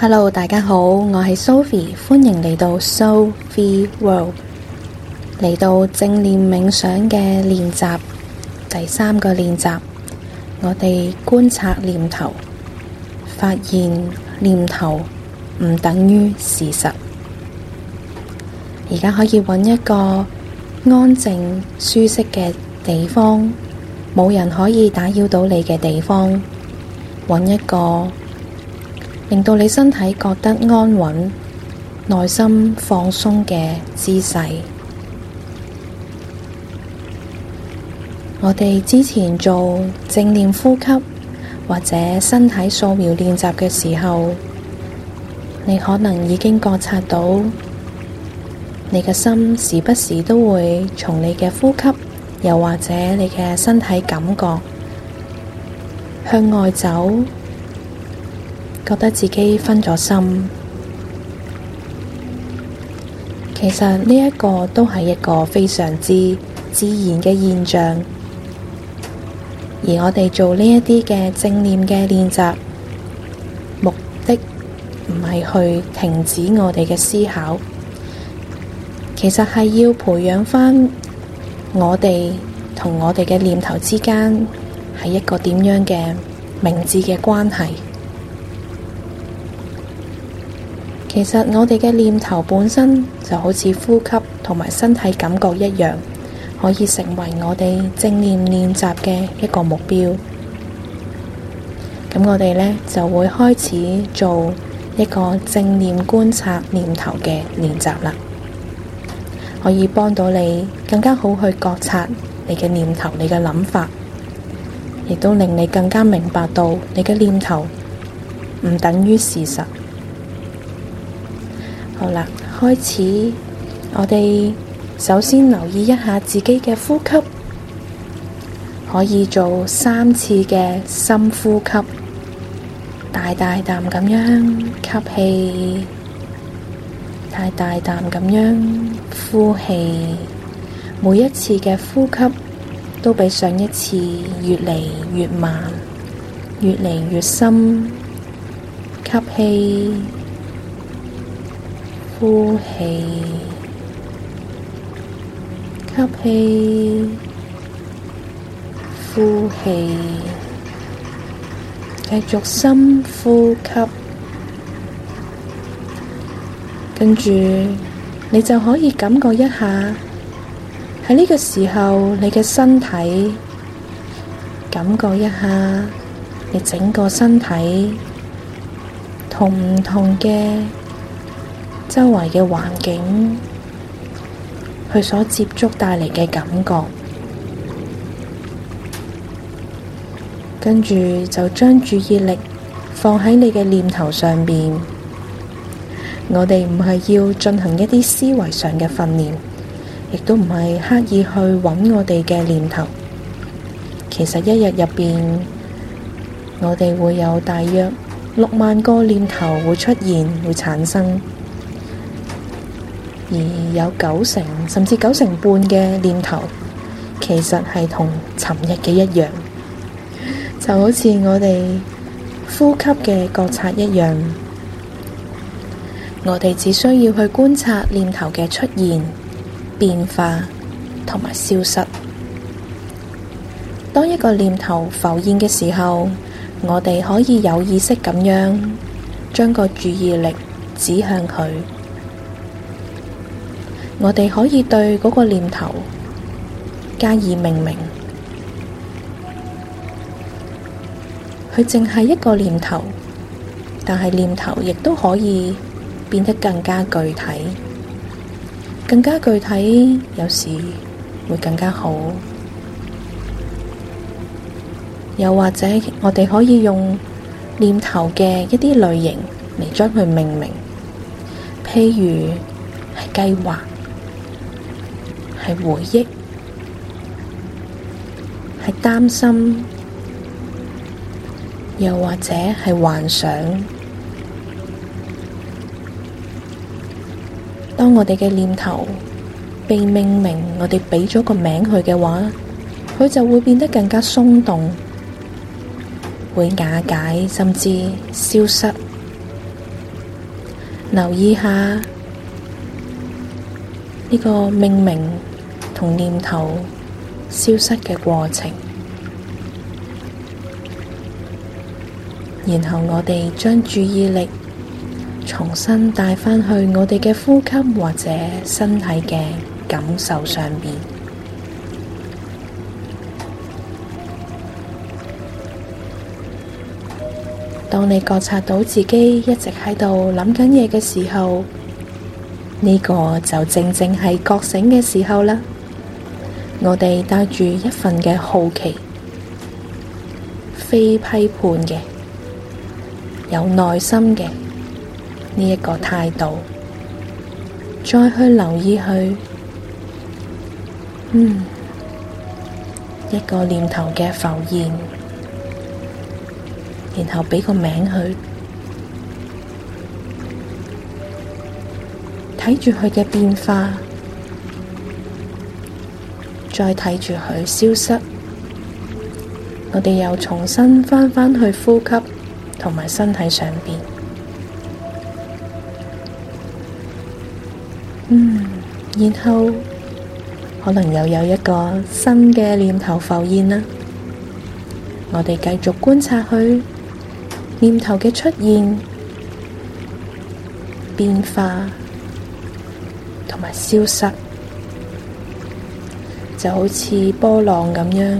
Hello 大家好，我係 Sophy，歡迎嚟到 Soul Free World，嚟到正念冥想嘅練習，第三個練習，我哋觀察念頭，發現念頭唔等於事實。而家可以揾一個安靜舒適嘅地方，冇人可以打擾到你嘅地方，揾一個。令到你身體覺得安穩、內心放鬆嘅姿勢。我哋之前做正念呼吸或者身體掃描練習嘅時候，你可能已經覺察到你嘅心時不時都會從你嘅呼吸，又或者你嘅身體感覺向外走。覺得自己分咗心，其實呢一個都係一個非常之自然嘅現象。而我哋做呢一啲嘅正念嘅練習，目的唔係去停止我哋嘅思考，其實係要培養翻我哋同我哋嘅念頭之間係一個點樣嘅明智嘅關係。其實我哋嘅念頭本身就好似呼吸同埋身體感覺一樣，可以成為我哋正念練習嘅一個目標。咁我哋呢就會開始做一個正念觀察念頭嘅練習啦，可以幫到你更加好去覺察你嘅念頭、你嘅諗法，亦都令你更加明白到你嘅念頭唔等於事實。好啦，開始。我哋首先留意一下自己嘅呼吸，可以做三次嘅深呼吸，大大啖咁樣吸氣，大大啖咁樣呼氣。每一次嘅呼吸都比上一次越嚟越慢，越嚟越深，吸氣。呼氣，吸氣，呼氣，繼續深呼吸。跟住，你就可以感覺一下，喺呢個時候你嘅身體，感覺一下你整個身體痛唔痛嘅？同周圍嘅環境，佢所接觸帶嚟嘅感覺，跟住就將注意力放喺你嘅念頭上面。我哋唔係要進行一啲思維上嘅訓練，亦都唔係刻意去揾我哋嘅念頭。其實一日入面，我哋會有大約六萬個念頭會出現，會產生。而有九成甚至九成半嘅念頭，其實係同尋日嘅一樣，就好似我哋呼吸嘅覺察一樣。我哋只需要去觀察念頭嘅出現、變化同埋消失。當一個念頭浮現嘅時候，我哋可以有意識咁樣將個注意力指向佢。我哋可以對嗰個念頭加以命名，佢淨係一個念頭，但係念頭亦都可以變得更加具體，更加具體有時會更加好。又或者我哋可以用念頭嘅一啲類型嚟將佢命名，譬如係計劃。係回憶，係擔心，又或者係幻想。當我哋嘅念頭被命名，我哋俾咗個名佢嘅話，佢就會變得更加鬆動，會瓦解，甚至消失。留意下，呢個命名。同念頭消失嘅過程，然後我哋將注意力重新帶返去我哋嘅呼吸或者身體嘅感受上面。當你覺察到自己一直喺度諗緊嘢嘅時候，呢個就正正係覺醒嘅時候啦。我哋帶住一份嘅好奇、非批判嘅、有耐心嘅呢一個態度，再去留意佢，嗯，一個念頭嘅浮現，然後畀個名佢，睇住佢嘅變化。再睇住佢消失，我哋又重新翻返去呼吸同埋身體上邊，嗯，然後可能又有一個新嘅念頭浮現啦，我哋繼續觀察佢念頭嘅出現、變化同埋消失。就好似波浪咁樣，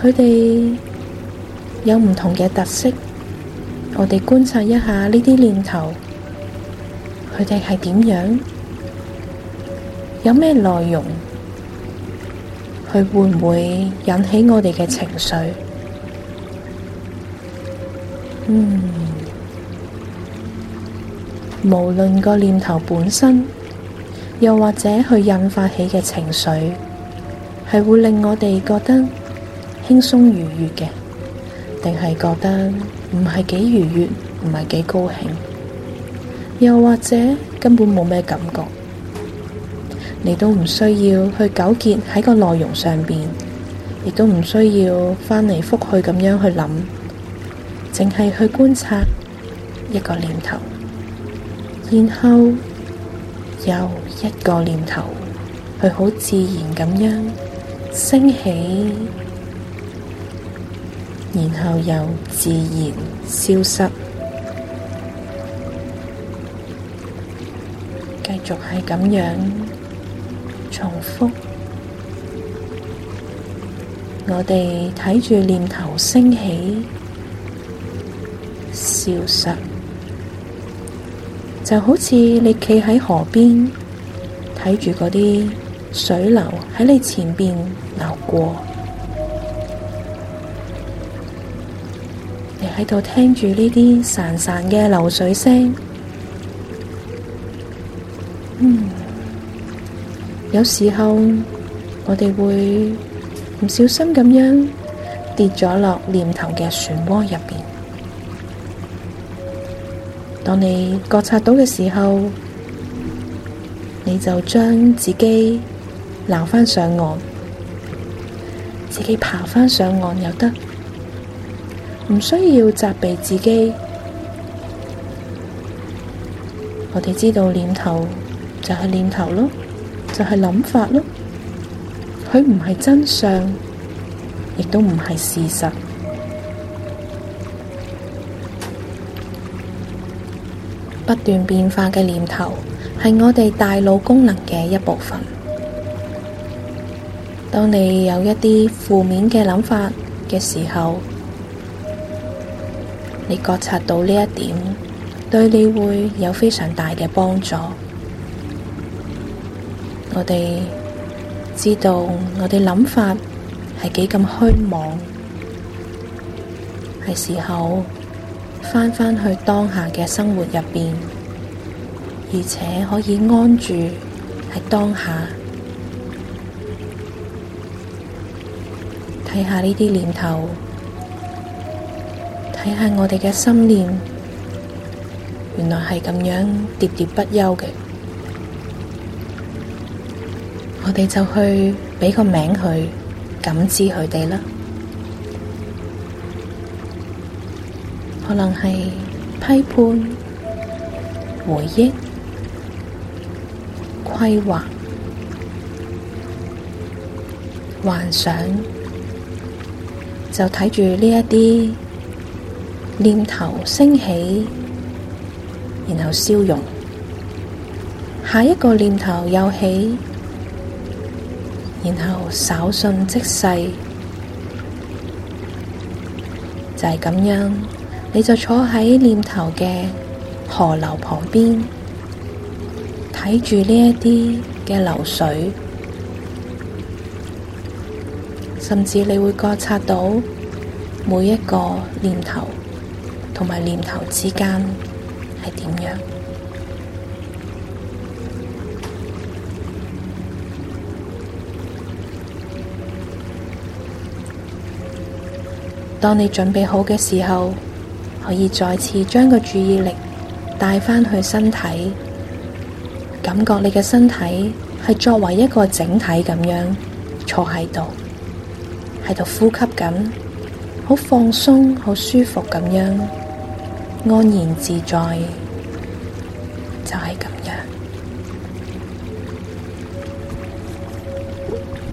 佢哋有唔同嘅特色。我哋觀察一下呢啲念頭，佢哋係點樣？有咩內容？佢會唔會引起我哋嘅情緒？嗯，無論個念頭本身。又或者去引發起嘅情緒，係會令我哋覺得輕鬆愉悅嘅，定係覺得唔係幾愉悅，唔係幾高興，又或者根本冇咩感覺，你都唔需要去糾結喺個內容上邊，亦都唔需要翻嚟覆去咁樣去諗，淨係去觀察一個念頭，然後。有一個念頭，佢好自然咁樣升起，然後又自然消失，繼續係咁樣重複。我哋睇住念頭升起、消失。就好似你企喺河邊睇住嗰啲水流喺你前邊流過，你喺度聽住呢啲潺潺嘅流水聲。嗯，有時候我哋會唔小心咁樣跌咗落念頭嘅漩渦入邊。當你覺察到嘅時候，你就將自己撈返上岸，自己爬返上岸又得，唔需要責備自己。我哋知道念頭就係念頭咯，就係諗法咯，佢唔係真相，亦都唔係事實。不斷變化嘅念頭係我哋大腦功能嘅一部分。當你有一啲負面嘅諗法嘅時候，你覺察到呢一點，對你會有非常大嘅幫助。我哋知道我哋諗法係幾咁虛妄，係時候。翻返去當下嘅生活入邊，而且可以安住喺當下，睇下呢啲念頭，睇下我哋嘅心念，原來係咁樣喋喋不休嘅，我哋就去畀個名佢，感知佢哋啦。可能係批判、回憶、規劃、幻想，就睇住呢一啲念頭升起，然後消融，下一個念頭又起，然後稍瞬即逝，就係咁樣。你就坐喺念頭嘅河流旁邊，睇住呢一啲嘅流水，甚至你會覺察到每一個念頭同埋念頭之間係點樣。當你準備好嘅時候。可以再次將個注意力帶返去身體，感覺你嘅身體係作為一個整體咁樣坐喺度，喺度呼吸咁，好放鬆、好舒服咁樣，安然自在，就係咁。